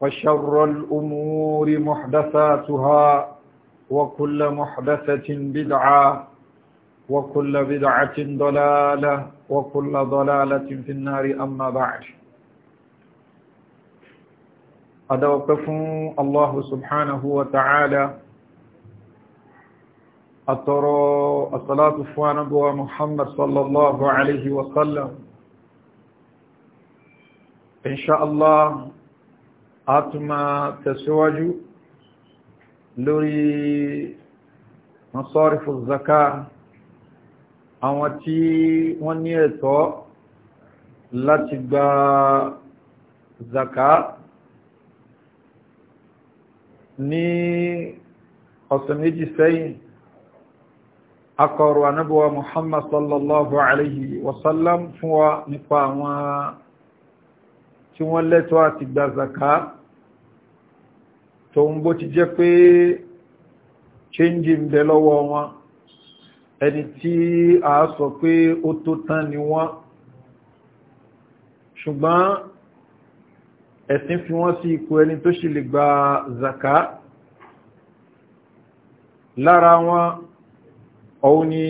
وشر الأمور محدثاتها وكل محدثة بدعة وكل بدعة ضلالة وكل ضلالة في النار أما بعد أدوقف الله سبحانه وتعالى أترى الصلاة فوانا محمد صلى الله عليه وسلم إن شاء الله a tún لوري tẹ̀síwájú lórí masarifu ونيتو àwọn tí wọ́n ní ẹ̀tọ́ láti gba zaka ní ọ̀sẹ̀ méjì sẹ́yìn akọrọ anábọ̀wà muhammad sallallahu alayhi wasallam fún wa nípa àwọn tí wọ́n lẹ́tọ́ àti gba zaka tó ń bó ti jẹ́ pé ṣéńjì ń bẹ lọ́wọ́ wọn ẹni tí a sọ pé ó tó tán ni wọ́n ṣùgbọ́n ẹ̀sìn fi wọ́n sí ipò ẹni tó ṣì lè gba zaka lára wọn ọ̀hún ni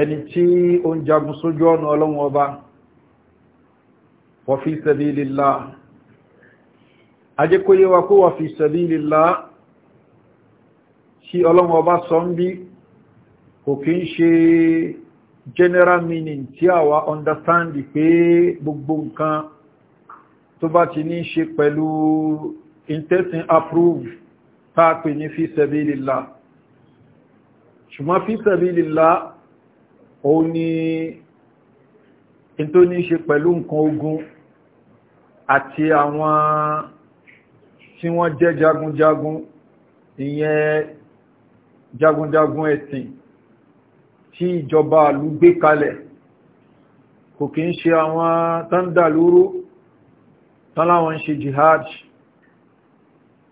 ẹni tí ó ń jagun sójú ọ̀nà ọlọ́run ọba wa fi sabilillah ajẹ́kóyé wa kó wà fi sabilillah tí ọlọ́run ọba sọ ń bí kò kí ń ṣe general meaning tí àwa understand pé gbogbo nǹkan tó bá ti ní ṣe pẹ̀lú intestine approve táàpì ní fi sabilillah ṣùgbọ́n fi sabilillah òun ni in tó ní ṣe pẹ̀lú nǹkan ogun àti àwọn tí wọ́n jẹ́ jagunjagun ìyẹn jagunjagun ẹ̀sìn tí ìjọba ìlú gbé kalẹ̀ kò kí ń ṣe àwọn tánda tánláwọn ń ṣe jihad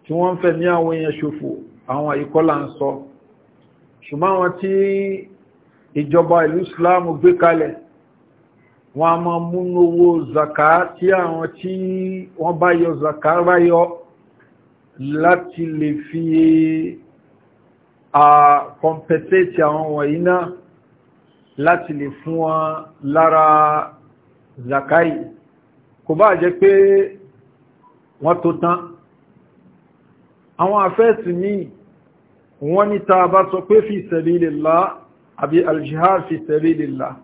tí wọ́n ń fẹ́ ní àwọn èèyàn ṣòfò àwọn ìkọlà ń sọ ṣùgbọ́n àwọn tí ìjọba ìlú islam gbé kalẹ̀ wọ́n a máa múnú owó zaka tí àwọn tí wọ́n bá yọ zaka ráyọ́ láti lè fi a compensate àwọn wọ̀nyí náà láti lè fún wọn lára zakai kò bá jẹ́ pé wọ́n tó tán àwọn afẹ́ẹ̀sì ní wọ́n ní ta bá sọ pé fi sabilillah àbí aljihad fi sabilillah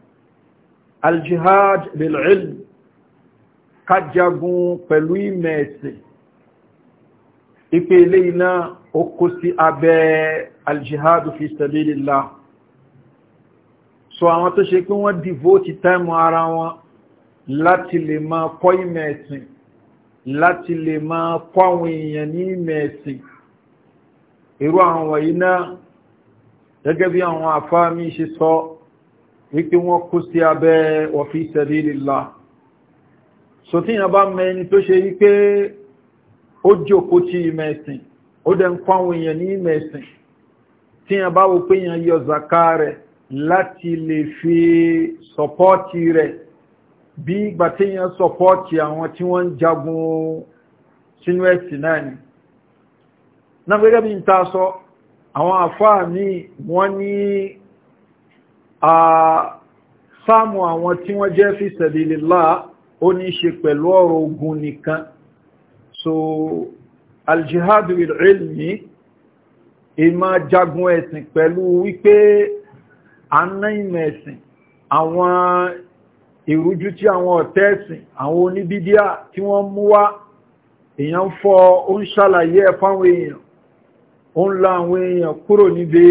aljihad bil ilm kájagun pẹ̀lú ìmẹ̀ẹ̀sìn ipe ilé iná ó sí abẹ́ aljihadu fi sabilillah so àwọn tó ṣe pé wọ́n devote time ara wọn láti lè máa kọ́ ìmẹ̀ ẹ̀sìn láti lè máa kọ́ àwọn èèyàn ní ìmẹ̀ ẹ̀sìn irú àwọn wọ̀nyí náà gẹ́gẹ́ bí àwọn àfáà ṣe sọ wípé wọ́n kó sí abẹ́ wa fi sabilillah so tíyàn bá mẹ́ni tó ṣe wípé ó jókòó tí ìmọ̀ ẹ̀sìn ó dẹ̀ ń kọ́ àwọn èèyàn ní ìmọ̀ ẹ̀sìn tí a bá wo pé èèyàn yọ zaka rẹ̀ láti lè fi sọpọ́ọ̀tì rẹ̀ bí ìgbà tí èèyàn sọpọ́ọ̀tì àwọn tí wọ́n jagun sínú ẹ̀sìn náà ni náà gẹ́gẹ́ bí n ta sọ àwọn àfáà ní wọ́n ní sáàmù àwọn tí wọ́n jẹ́ fi sabilillah ó ní ṣe pẹ̀lú ogun nìkan so aljihadu ilmi ìmá jagun ẹ̀sìn pẹ̀lú wípé aná ìmọ̀ ẹ̀sìn àwọn ìrújú tí àwọn ọ̀tẹ́ ẹ̀sìn àwọn oníbídíà tí wọ́n mú wá èèyàn ń fọ́ ó ń ṣàlàyé ẹ̀ fáwọn èèyàn ó ń la àwọn èèyàn kúrò níbi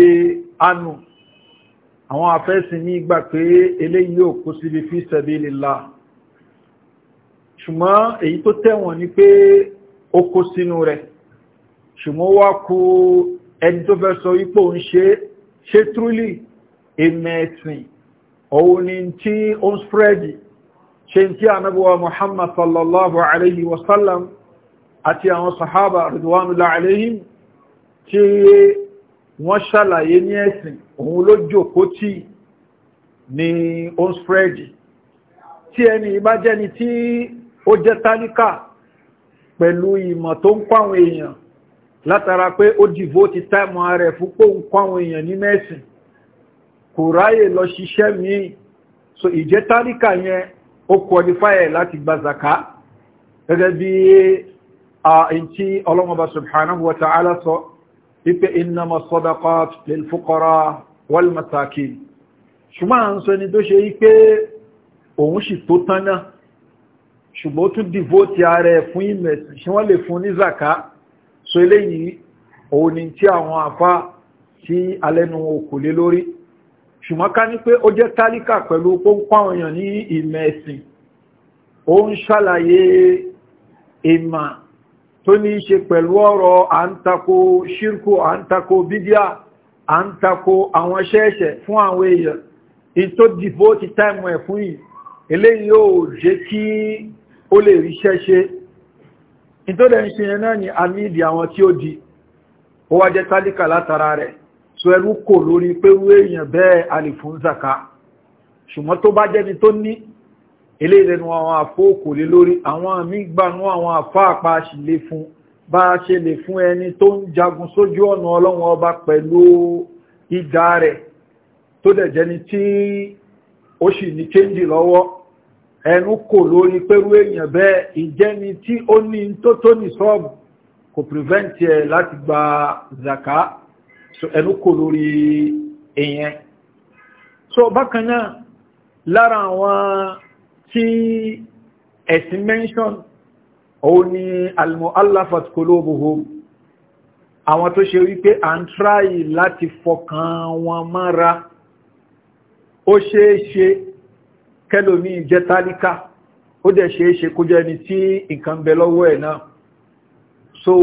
anu àwọn afẹ́sìn ní ìgbà pé eléyìí ò kó síbi fi sabilillah ṣùgbọ́n èyí tó tẹ̀wọ̀n ni pé ó kó sínú rẹ̀ ṣùgbọ́n wá kú ẹni tó fẹ́ sọ ipò ń ṣe ṣe trúlì ìmẹ̀ẹ̀sìn òun ni tí ó ń sprẹ́dì ṣe tí ànábọ̀wà Muhammad sallallahu alaihi wasallam àti àwọn sahaba ridwanullah alaihim tí wọ́n ṣàlàyé ní ẹ̀sìn òun ló jòkó tí ni ó ń sprẹ́dì tí ẹni ìbá tí ó jẹ́ tálíkà pẹ̀lú ìmọ̀ tó ń kọ́ àwọn èèyàn látara pé ó dìbò ti táìmù ààrẹ fún pé ń kọ́ èèyàn ní mẹ́sìn kò ráyè lọ ṣiṣẹ́ míì so ìjẹ́ tálíkà yẹn ó qualify ẹ̀ láti gba zaka gẹ́gẹ́ bí àìntí ọlọ́mọba subhanahu wa ta'ala sọ ipe innama sadaqat lil fuqara wal masakin ṣùgbọ́n à ń sọ ẹni tó ṣe yí òun sì tó tán náà ṣùgbọ́n ó tún dìvóòtì ara ẹ̀ fún ìmẹ̀sì ṣé wọ́n lè fún ní zaka so eléyìí òun ni tí àwọn àfa tí alẹ́nu òkò lé lórí ṣùgbọ́n ká ní pé ó jẹ́ tálíkà pẹ̀lú pọ́npọ́n èèyàn ní ìmẹ̀sìn ó ń ṣàlàyé ìmà tó ní í ṣe pẹ̀lú ọ̀rọ̀ à ń tako ṣírkù à ń tako bídíà à ń tako àwọn ṣẹ́ẹ̀ṣẹ̀ fún àwọn èèyàn ìtò dìbò ti táìmù ẹ̀ fún yìí eléyìí yóò jẹ́ kí ó lè rí ṣẹ́ṣe ìtọ́lẹ̀ ń ṣe yẹn náà ni a ní ìdí àwọn tí ó di ó wá jẹ́ tálíkà látara rẹ̀ so ẹrú kò lórí pé wú èèyàn bẹ́ẹ̀ a lè fún zaka ṣùgbọ́n tó bá jẹ́ni tó ní ilé ìrẹnu àwọn àfó kò lé lórí àwọn àmì gbanú àwọn àfá àpá sì fún bá a ṣe lè fún ẹni tó ń jagun sójú ọ̀nà ọlọ́run ọba pẹ̀lú ìdá rẹ̀ tó dẹ̀ jẹ́ni tí ó sì ní kéńjì lọ́wọ́ ẹnu kò lórí pẹ̀lú èèyàn bẹ́ẹ̀ ìjẹni tí ó ní tó tó ní sọ́ọ̀bù kò prevent ẹ láti gba zaka so ẹnu kò lórí èèyàn so bákan náà lára àwọn tí ẹ̀sìn mention òun ni almu'allafat qulubuhum àwọn tó ṣe wípé à ń tráyì láti fọkàn wọn mọ́ra ó ṣeé ṣe kẹlòmí jẹ́ tálíkà ó dẹ̀ ṣe é ṣe kó jẹ́ ni tí nǹkan bẹ lọ́wọ́ ẹ̀ náà so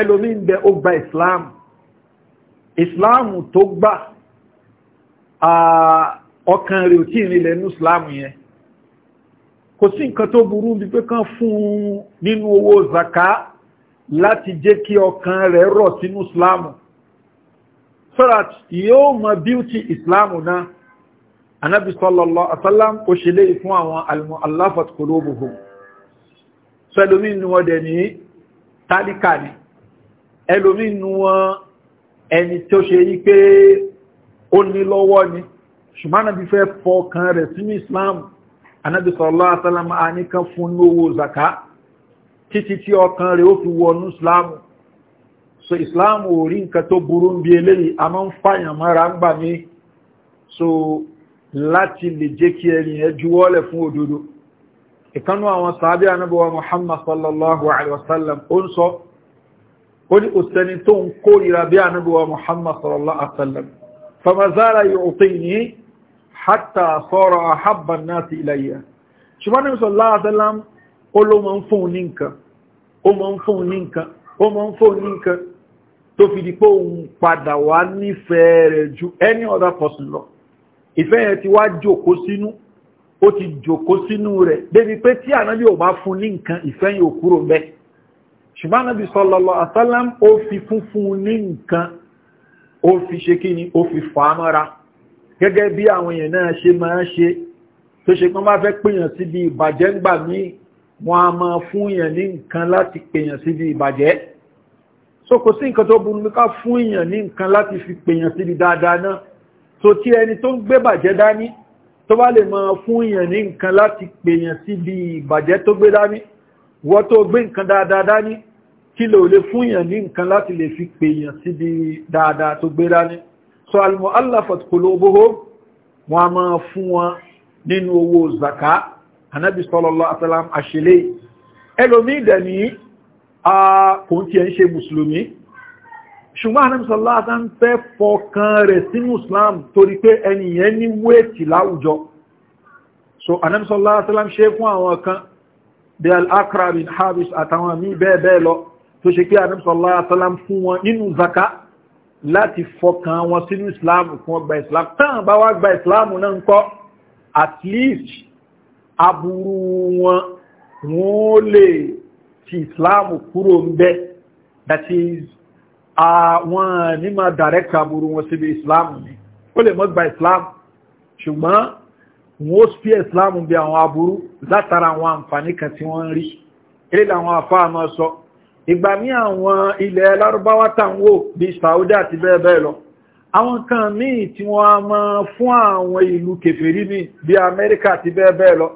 ẹlòmí ń bẹ ó gba islam islam tó gbà ọkàn rẹ̀ ò tí ìrìnlẹ̀ nú islam yẹn kò sí nǹkan tó burú bí pé kán fún un nínú owó zaka láti jẹ́ kí ọkàn rẹ̀ rọ̀ sínú islam so that yóò mọ beauty islam náà anábì sallallahu alaihi wasallam ó ṣe léyìí fún àwọn almu'allafat qulubuhum sẹ́lómí inú wọn dẹ̀ ní tálíkà ni ẹlòmí inú wọn ẹni tó ṣe yí pé ó ní lọ́wọ́ ni ṣùgbọ́n anábì fẹ́ fọkàn rẹ̀ sínú islam anábì sallallahu alaihi wasallam a ní kan fún lówó zaka títí tí ọkàn rẹ̀ ó fi wọnú islam so islam ò rí nǹkan tó burú bí eléyìí a máa ń fàyàn mọ́ra ń gbà mí so láti lè jẹ́ kí ẹni ẹ juwọ́lẹ̀ fún òdodo ìkanú àwọn sàábí anábọ̀wà muhammad sallallahu alaihi wasallam ó ń sọ ó ní òsẹni tó ń kórira bí anábọ̀wà muhammad sallallahu alaihi wasallam famazara yu'tini hatta sara ahabba an-nasi ilayya ṣùgbọ́n sallallahu alaihi wasallam ó ló máa other person lọ ìfẹ́ yẹn ti wá jòkó sínú ó ti jòkó sínú rẹ̀ débi pé tí ànábì ò bá fún ní nǹkan ìfẹ́ yẹn ò kúrò bẹ́ ṣùgbọ́n ànábì sallallahu alaihi wasallam ó fi fúnfún ní nǹkan ó fi ṣe kí ni ó fi fà á mọ́ra gẹ́gẹ́ bí àwọn èèyàn náà ṣe máa ń ṣe tó ṣe pé wọ́n bá fẹ́ pèèyàn síbi ìbàjẹ́ ńgbà míì wọ́n a máa fún èèyàn ní nǹkan láti pèèyàn síbi ìbàjẹ́ so kò sí nǹkan tó burú ká fún èèyàn ní nǹkan láti fi pèèyàn síbi dáadáa náà so tí ẹni tó ń gbé bàjẹ́ dání tó bá lè máa fún èèyàn ní nǹkan láti pèèyàn síbi ìbàjẹ́ tó gbé dání wọ́n tó gbé nǹkan dáadáa dání kí lò lè fún èèyàn ní nǹkan láti lè fi pèèyàn síbi dáadáa tó gbé dání so al-mu'allafat qulubuhum wọn a máa fún wọn nínú owó zaka anábì sallallahu alaihi wasallam àṣẹlẹ̀ a kò ń tiẹ̀ ń ṣe mùsùlùmí ṣùgbọ́n àrẹ́mùsọ̀lá àtà ń fẹ́ fọkàn rẹ̀ sínú islam torí pé ẹniyàn ní wéètì láwùjọ so àrẹ́mùsọ̀lá àtàlá ń ṣe fún àwọn kan bí al-akra bin habis àtàwọn àmì bẹ́ẹ̀ bẹ́ẹ̀ lọ tó ṣe pé àrẹ́mùsọ̀lá àtàlá ń fún wọn nínú zaka láti fọkàn wọn sínú islam at least aburú wọn wọn lè ti that is àwọn ní máa direct aburú wọn síbi islam ni ó lè mọ́ gba islam ṣùgbọ́n wọ́n ó fi islam bí àwọn aburú látara àwọn àǹfààní kan tí wọ́n ń rí eré làwọn afáà máa sọ ìgbà ní àwọn ilẹ̀ lárúbáwá tàǹwò bí saudi àti bẹ́ẹ̀ bẹ́ẹ̀ lọ àwọn kan míì tí wọ́n á máa fún àwọn ìlú kẹfẹ́rí mi bí amẹ́ríkà àti bẹ́ẹ̀ bẹ́ẹ̀ lọ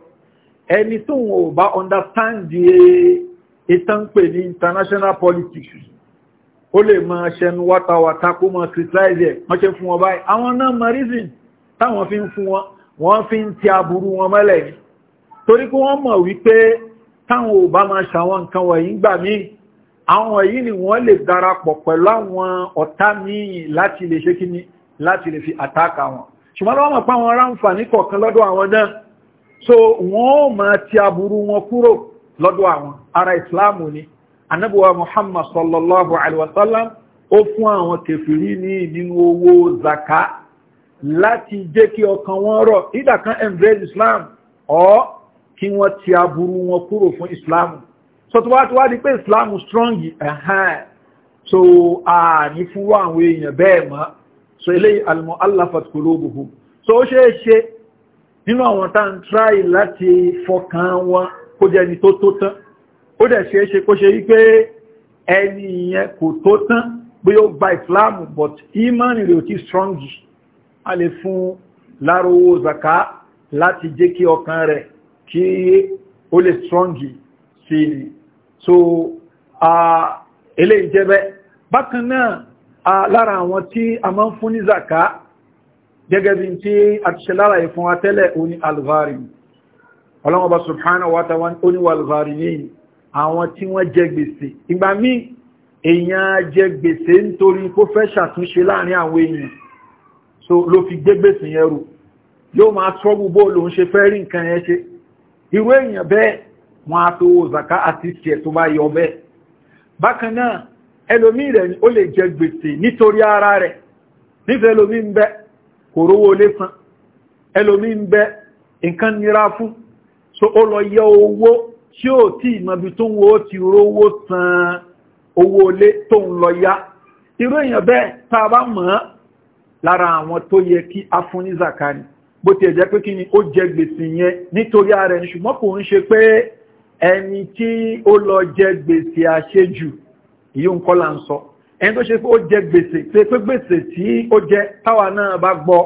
ẹni tó wọn ò bá understand the ìtàn ní international politics ó lè máa ṣẹnu wátawàta kó máa criticize ẹ̀ wọ́n ṣe fún wọn báyìí àwọn náà mọ̀ reason táwọn fi ń fún wọn wọ́n fi ń ti aburú wọn mọ́lẹ̀ ni torí kí wọ́n mọ̀ wípé táwọn ò bá máa ṣàwọn nǹkan wọ̀nyí gbà mí àwọn yìí ni wọ́n lè darapọ̀ pẹ̀lú àwọn ọ̀tá míì láti lè ṣe kíni láti lè fi àtàkà wọn ṣùgbọ́n wọ́n mọ̀ pé àwọn ará kọ̀ọ̀kan lọ́dọ̀ àwọn náà so wọ́n máa ti aburú wọn kúrò lọ́dọ̀ àwọn ará ìsìláàmù ni anábíwá muhammad sallallahu alaihi wasallam ó fún àwọn kèfìrí ní ìdínú owó zaka láti jẹ́ kí ọkàn wọn rọ̀ ìdàkan embrace islam ọ́ kí wọ́n ti aburú wọn kúrò fún islam so tó wá tó wá di pé islam strong ẹ̀hán so a ní fún àwọn èèyàn bẹ́ẹ̀ mọ́ so eléyìí almọ́ allafat kolobuhu so ó ṣe ṣe nínú àwọn tá ń tráì láti fọkàn wọn kó jẹ́ ni tó tó tán ó dẹ̀ ṣe é ṣe kó ṣe wípé ẹni ìyẹn kò tó tán bí ó gba ìsìláàmù but imani rẹ̀ ò ti strong jù a lè fún lára zaka láti jẹ́ kí ọkàn rẹ̀ kí ó lè strong sí i so eléyìí jẹ́ bẹ́ẹ̀ bákan náà lára àwọn tí a máa ń fún ní zaka gẹ́gẹ́ bí tí a ti ṣe lára ìfún wa tẹ́lẹ̀ oní alvarin ọlọ́wọ́ subhanahu wa ta'ala oní alvarin yìí àwọn tí wọ́n jẹ gbèsè ìgbà míì èèyàn jẹ gbèsè nítorí kó fẹ́ ṣàtúnṣe láàrin àwọn èèyàn so ló fi gbé gbèsè yẹn rù yóò máa trọ́bù bó lòun ṣe fẹ́ rí nǹkan yẹn ṣe irú èèyàn bẹ́ẹ̀ wọ́n á tó zaka àti tiẹ̀ tó bá yọ bẹ́ẹ̀ bákan náà ẹlòmíì rẹ̀ ó lè jẹ gbèsè nítorí ara rẹ̀ nífẹ̀ẹ́ ẹlòmíì ń bẹ kò rówó lé san ẹlòmíì ń bẹ nǹkan nira fún so ó lọ yẹ owó tí ó tí ìmọ̀bí tó ń wo ti rówó san owó olé tó ń lọ yá irú èèyàn bẹ́ẹ̀ tá a bá mọ̀ ọ́ lára àwọn tó yẹ kí a fún ní zakani bó ti ẹ̀jẹ́ pé kí ni ó jẹ gbèsè yẹn nítorí ara ẹni ṣùgbọ́n kò ń ṣe pé ẹni tí ó lọ jẹ gbèsè àṣejù yíò ń kọ́lá ń sọ ẹni tó ṣe pé ó jẹ gbèsè pé pé gbèsè tí ó jẹ táwa náà bá gbọ́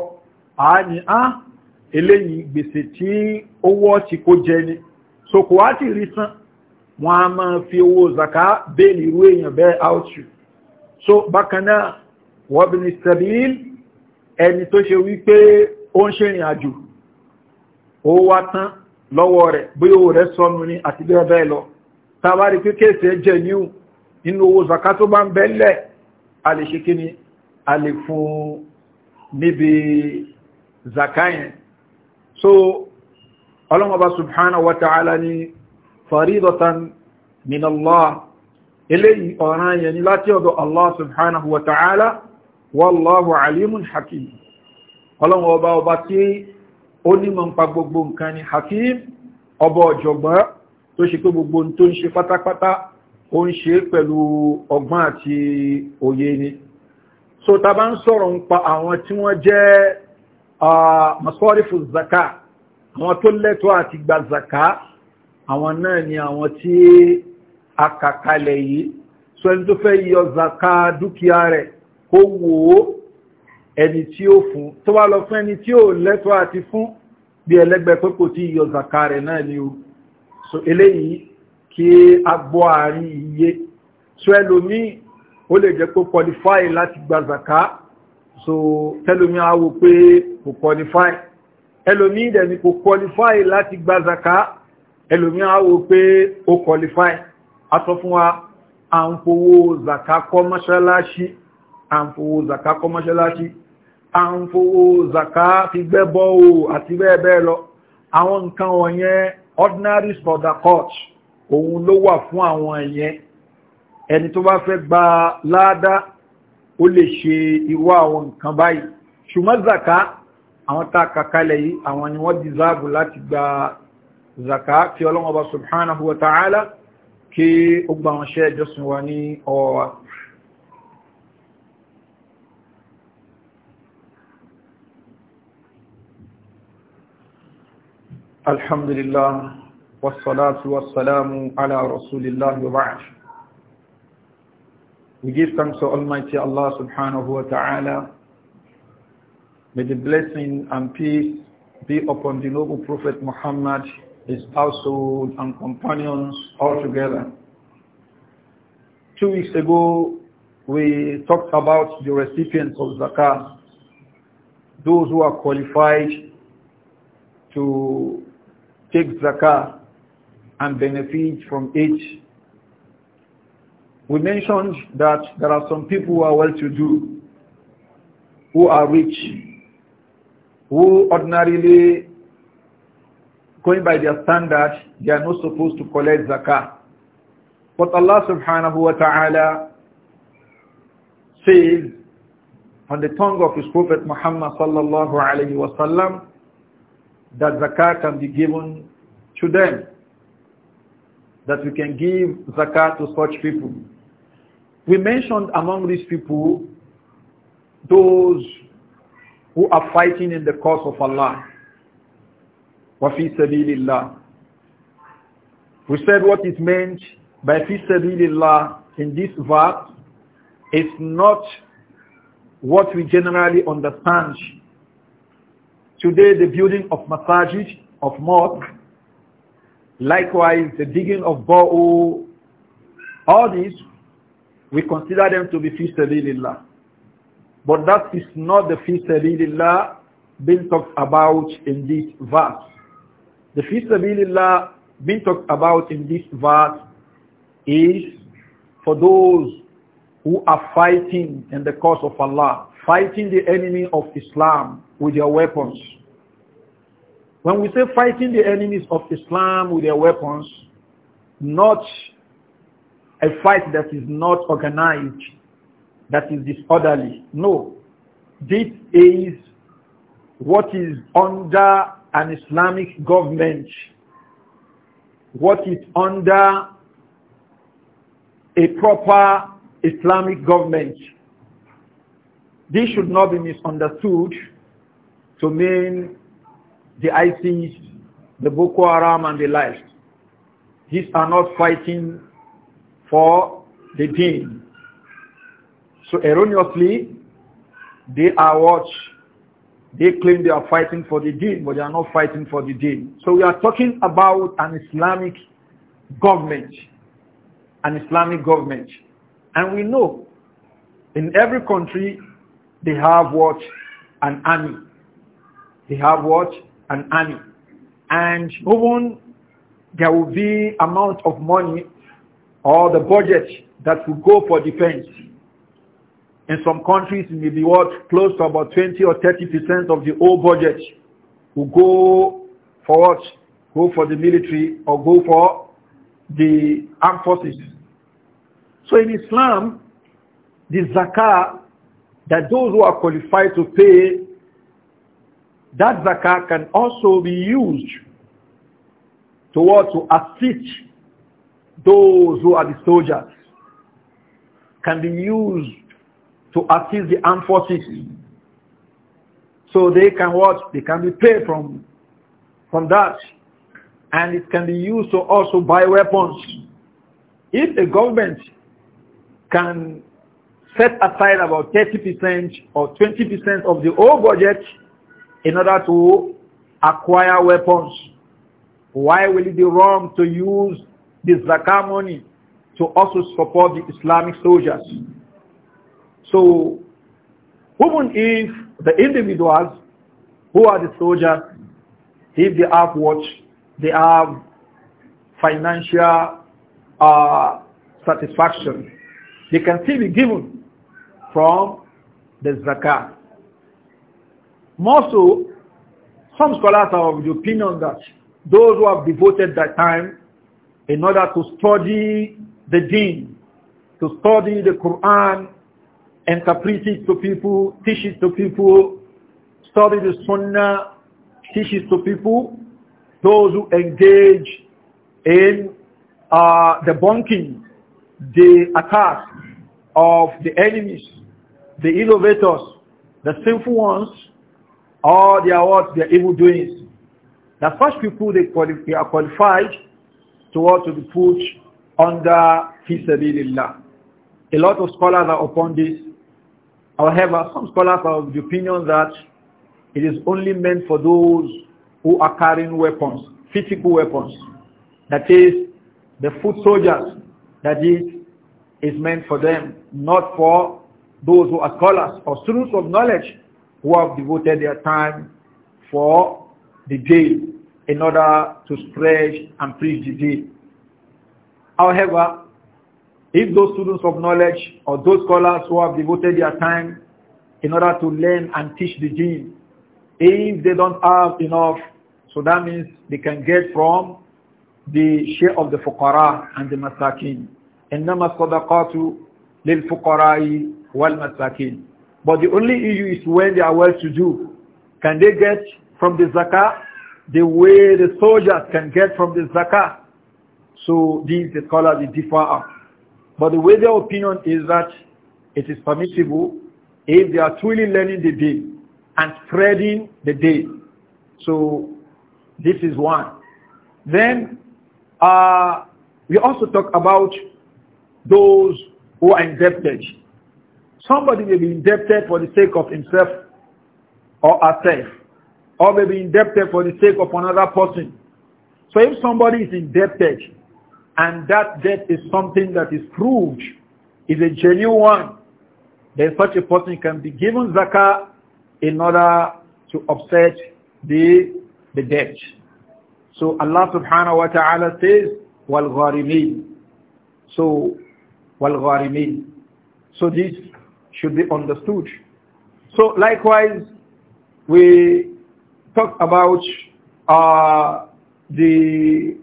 àá ní á eléyìí gbèsè tí ó wọ́ ti kó jẹ ni so kò wá ti rí san wọ́n a máa fi owó zaka bẹ́ẹ̀lì irú èèyàn bẹ́ẹ̀ áùtù so bákanáà wọ́n bí ní sabil ẹni tó ṣe wípé ó ń ṣe ìrìn àjò ó wá tán lọ́wọ́ rẹ̀ bí owó rẹ̀ sọnù ní àti bẹ́ẹ̀ bẹ́ẹ̀ lọ tàbárí pé kéèsì ẹ jẹ́ níhù nínú owó zaka tó bá ń bẹ́ẹ̀lẹ̀ a lè ṣe kí ni a lè fún níbi zaka yẹn so ọlọ́mọba subhanahu wa ta'ala ni faridatan min allah eléyìí ọ̀ràn yẹn ni láti ọ̀dọ̀ allah subhanahu wa ta'ala wallahu alimun hakim ọlọ́mọba ọba tí ó nímọ̀ nípa gbogbo nǹkan ni hakim ọba ọ̀jọ̀gbọ́n tó ṣe pé gbogbo tó ń ṣe pátápátá ó ń ṣe pẹ̀lú ọgbọ́n àti òye ni so ta bá ń sọ̀rọ̀ ń pa àwọn tí wọ́n jẹ́ ah, masọ́rífù zakat àwọn tó lẹ́tọ́ àti gba àwọn náà ni àwọn tí a kàkalẹ̀ yìí so ẹni tó fẹ́ yọ zaka dúkìá rẹ̀ kó wò ó ẹni tí ó fún tó wá lọ fún ẹni tí ó lẹ́tọ́ àti fún bí ẹlẹ́gbẹ́ pé kò tí yọ zaka rẹ̀ náà ni o so eléyìí kí a gbọ́ àárín iye so ẹlòmíì ó lè jẹ́ pé qualify láti gba so tẹ́lòmíì á pé kò qualify ẹlòmí ìdẹ̀ ni kò qualify láti gba zaka ẹlòmí àwò pé ó qualify atọ́ fún wa à ń fowó zaka kọ́ mọ́ṣáláṣí à ń fowó zaka kọ́ mọ́ṣáláṣí à ń fowó zaka fi gbẹ́bọ́ o àti bẹ́ẹ̀ bẹ́ẹ̀ lọ àwọn nǹkan wọ̀nyẹn ordinary sodakot òun ló wà fún àwọn ẹ̀yẹn ẹni tó bá fẹ́ gba láádá ó lè ṣe irú àwọn nǹkan báyìí ṣùgbọ́n zaka àwọn tá kàkalẹ̀ yìí àwọn ni wọ́n dìzáàbù láti gba zaka tí ọlọ́wọ́ bá subhanahu wa ta'ala kí ó gba wọn ṣẹ́ ìjọsìn wa ní ọwọ́ wa alhamdulillah wassalatu wassalamu ala rasulillah wa ba'd we give thanks to almighty allah subhanahu wa ta'ala May the blessing and peace be upon the noble Prophet Muhammad, his household and companions all together. Two weeks ago, we talked about the recipients of Zakah, those who are qualified to take Zakah and benefit from it. We mentioned that there are some people who are well-to-do, who are rich, who ordinarily, going by their standards, they are not supposed to collect zakah. But Allah subhanahu wa ta'ala says on the tongue of his Prophet Muhammad sallallahu alayhi wa sallam that zakat can be given to them. That we can give zakat to such people. We mentioned among these people those who are fighting in the cause of Allah. وَفِي سَبِيلِ اللَّهِ We said what is meant by فِي سَبِيلِ اللَّهِ in this verse is not what we generally understand. Today the building of masajid, of mosque, likewise the digging of bore all these, we consider them to be fi sabilillah. But that is not the fi sabilillah being talked about in this verse. The fi sabilillah being talked about in this verse is for those who are fighting in the cause of Allah, fighting the enemy of Islam with their weapons. When we say fighting the enemies of Islam with their weapons, not a fight that is not organized, that is disorderly. No. This is what is under an Islamic government, what is under a proper Islamic government. This should not be misunderstood to mean the ISIS, the Boko Haram and the like. These are not fighting for the deen. So erroneously, they are what? They claim they are fighting for the deen, but they are not fighting for the deen. So we are talking about an Islamic government, an Islamic government. And we know in every country they have what? An army. They have what? An army. And even there will be amount of money or the budget that will go for defense in some countries, it may be what? Close to about 20 or 30% of the whole budget will go for what? Go for the military or go for the armed forces. So in Islam, the zakah that those who are qualified to pay, that zakah can also be used to To assist those who are the soldiers. Can be used to assist the armed forces. So they can what? They can be paid from, from that. And it can be used to also buy weapons. If the government can set aside about 30% or 20% of the whole budget in order to acquire weapons, why will it be wrong to use this zakah money to also support the Islamic soldiers? So even if the individuals who are the soldiers, if they have what? They have financial uh, satisfaction. They can still be given from the zakat. More so, some scholars are of the opinion that those who have devoted their time in order to study the deen, to study the Quran, interpret it to people, teach it to people, study the sunnah, teach it to people, those who engage in uh, the bunking, the attack of the enemies, the innovators, the sinful ones, all their what, their evil doings. The first people, they, quali they are qualified to what to be put under Fisabilillah. A lot of scholars are upon this. However, some scholars are of the opinion that it is only meant for those who are carrying weapons, physical weapons. That is, the foot soldiers, that is, is meant for them, not for those who are scholars or students of knowledge who have devoted their time for the day in order to spread and preach the day. However, if those students of knowledge or those scholars who have devoted their time in order to learn and teach the jinn, if they don't have enough, so that means they can get from the share of the fuqara and the masakin. إنما الصدقات للفقراء والمساكين. But the only issue is when they are well-to-do. Can they get from the zakah the way the soldiers can get from the zakah? So these the scholars differ but the way their opinion is that it is permissible if they are truly learning the deen and spreading the deen. So this is one. Then uh, we also talk about those who are indebted. Somebody may be indebted for the sake of himself or herself, or may be indebted for the sake of another person. So if somebody is indebted, and that debt is something that is proved, is a genuine one, then such a person can be given zakah in order to offset the, the debt. So Allah subhanahu wa ta'ala says, وَالْغَارِمِينَ So, وَالْغَارِمِينَ So this should be understood. So likewise, we talk about uh, the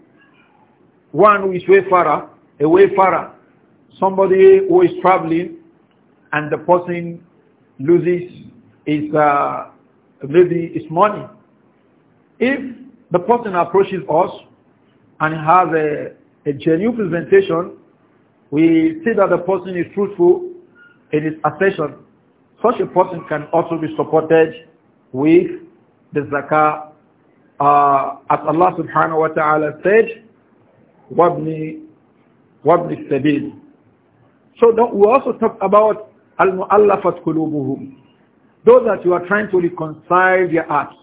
one who is wayfarer, a wayfarer, somebody who is traveling and the person loses his, uh, maybe his money. If the person approaches us and has a, a genuine presentation, we see that the person is truthful in his assertion. Such a person can also be supported with the zakah uh, as Allah subhanahu wa ta'ala said Wabni, wabni السبيل so we also talk about al-mu'allafat qulubuhum those that you are trying to reconcile their hearts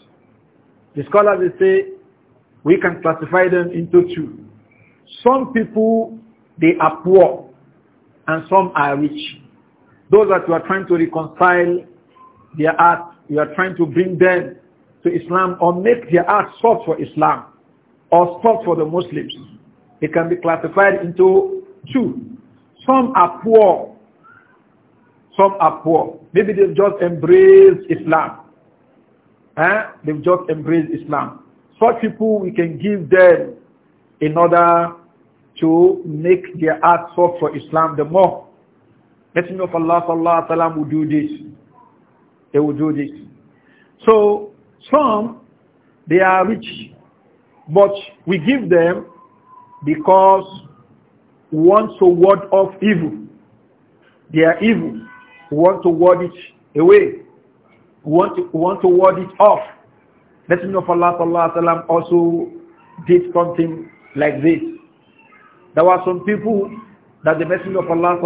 the scholars they say we can classify them into two some people they are poor and some are rich those that you are trying to reconcile their hearts you are trying to bring them to Islam or make their hearts soft for Islam or soft for the Muslims it can be classified into two. Some are poor. Some are poor. Maybe they've just embraced Islam. Eh? They've just embraced Islam. Such people, we can give them in order to make their heart soft for Islam the more. Messenger of Allah sallallahu alaihi wasallam will do this. They will do this. So some, they are rich, but we give them because we want to ward off evil. They are evil. We want to ward it away. We want to, we want to ward it off. Let me know if Allah sallam, also did something like this. There were some people that the Messenger of Allah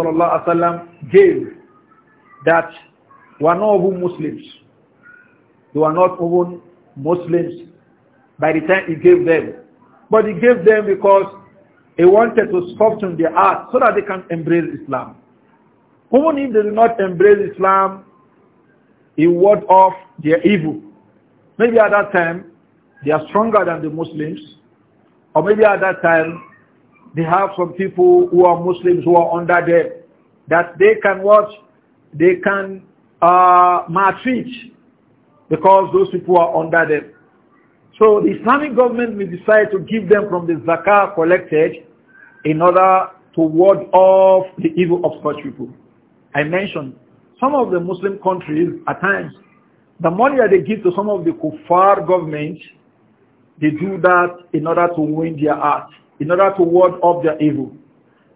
sallam, gave that were not even Muslims. They were not even Muslims by the time he gave them. But he gave them because he wanted to soften their heart so that they can embrace Islam. Even if they do not embrace Islam, he ward off their evil. Maybe at that time, they are stronger than the Muslims. Or maybe at that time, they have some people who are Muslims who are under them. That they can watch, they can uh, maltreat because those people are under them. So the Islamic government may decide to give them from the zakah collected in order to ward off the evil of such people. I mentioned some of the Muslim countries at times, the money that they give to some of the kuffar governments, they do that in order to win their heart, in order to ward off their evil.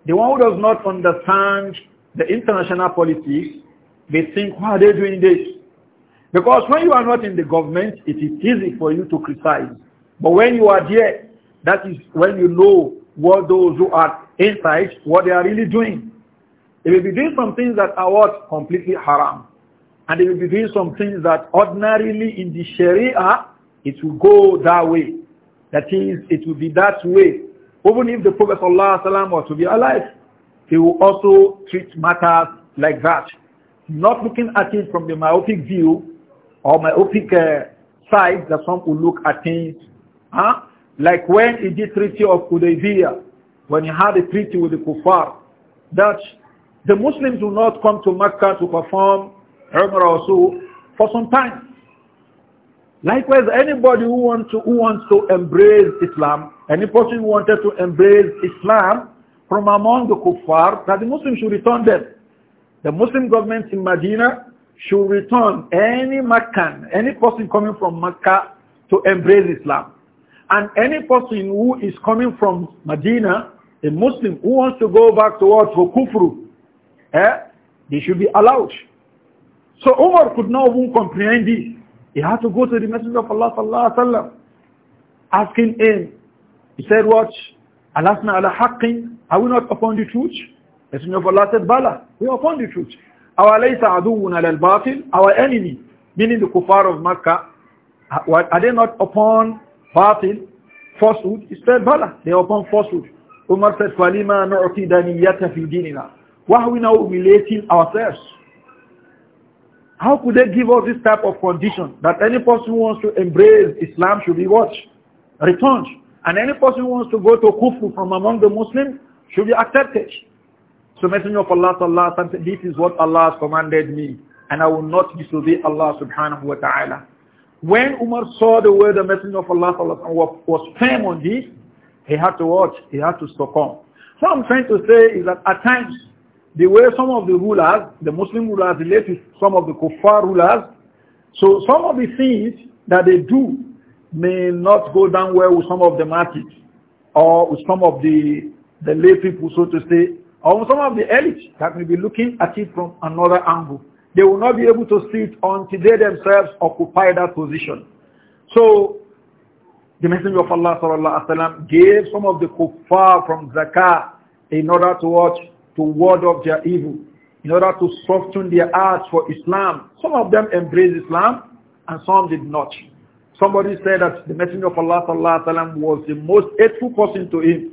The one who does not understand the international politics, they think, why are they doing this? Because when you are not in the government, it is easy for you to criticize. But when you are there, that is when you know what those who are inside, what they are really doing. They will be doing some things that are what? Completely haram. And they will be doing some things that ordinarily in the Sharia, it will go that way. That is, it will be that way. Even if the Prophet ﷺ was to be alive, he will also treat matters like that. Not looking at it from the myopic view or myopic uh, side that some will look at things. Huh? Like when he did treaty of Hudaybiyah, when he had a treaty with the kuffar, that the Muslims will not come to Mecca to perform hajj or so for some time. Likewise, anybody who wants to, who wants to embrace Islam, any person who wanted to embrace Islam from among the kuffar, that the Muslims should return them. The Muslim government in Medina should return any Meccan, any person coming from Mecca to embrace Islam. And any person who is coming from Medina, a Muslim who wants to go back towards Kufru, eh, they should be allowed. So Umar could not even comprehend this. He had to go to the Messenger of Allah sallallahu alaihi wasallam, asking him. He said, "What? Alasna ala haqqin? Are we not upon the truth?" The Messenger of Allah said, "Bala, we are upon the truth." Our laysa aduwun al-batil, our enemy, meaning the kuffar of Makkah, are they not upon batil, falsehood? Is said, Bala, they are upon falsehood. Umar said, فَلِمَا نُعْتِدَ نِيَّةَ فِي دِينِنَا Why are we now relating ourselves? How could they give us this type of condition that any person who wants to embrace Islam should be watched, Returned. And any person who wants to go to Kufu from among the Muslims should be accepted. So Messenger of Allah sallallahu alaihi wasallam this is what Allah has commanded me and I will not disobey Allah subhanahu wa ta'ala. When Umar saw the word the Messenger of Allah sallallahu alaihi wasallam was firm on this, he had to watch, he had to succumb. So I'm trying to say is that at times the way some of the rulers, the Muslim rulers relate with some of the kuffar rulers, so some of the things that they do may not go down well with some of the masses or with some of the, the lay people, so to say, or some of the elite that may be looking at it from another angle. They will not be able to see it until they themselves occupy that position. So the Messenger of Allah sallallahu alaihi wasallam gave some of the kuffar from zakah in order to watch to ward off their evil, in order to soften their hearts for Islam. Some of them embraced Islam and some did not. Somebody said that the Messenger of Allah sallallahu alaihi wasallam was the most hateful person to him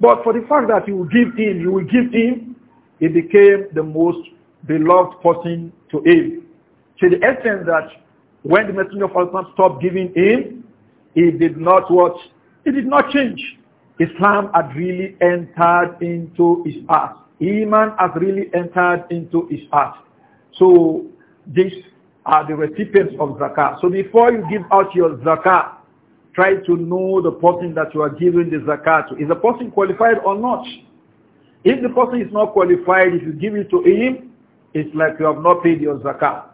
but for the fact that you will give him, you will give him, he became the most beloved person to him. To the extent that when the messenger of Allah stopped giving him, he did not what? He did not change. Islam had really entered into his heart. Iman has really entered into his heart. So these are the recipients of zakah. So before you give out your zakah, try to know the person that you are giving the zakat to. Is the person qualified or not? If the person is not qualified, if you give it to him, it's like you have not paid your zakat.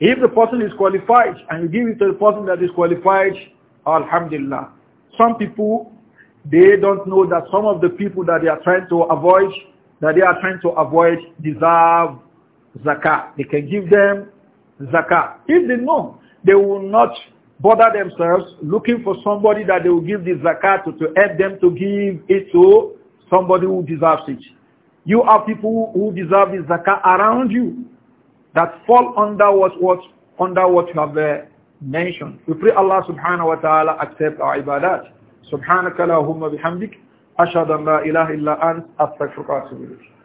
If the person is qualified and you give it to the person that is qualified, alhamdulillah. Some people, they don't know that some of the people that they are trying to avoid, that they are trying to avoid deserve zakat. They can give them zakat. If they know, they will not bother themselves looking for somebody that they will give the zakat to, to help them to give it to somebody who deserves it. You have people who deserve the zakat around you that fall under what, what, under what you have uh, mentioned. We pray Allah subhanahu wa ta'ala accept our ibadat. Subhanaka اللهم بحمدك أشهد أن لا إله إلا أنت أستغفرك وأتوب إليك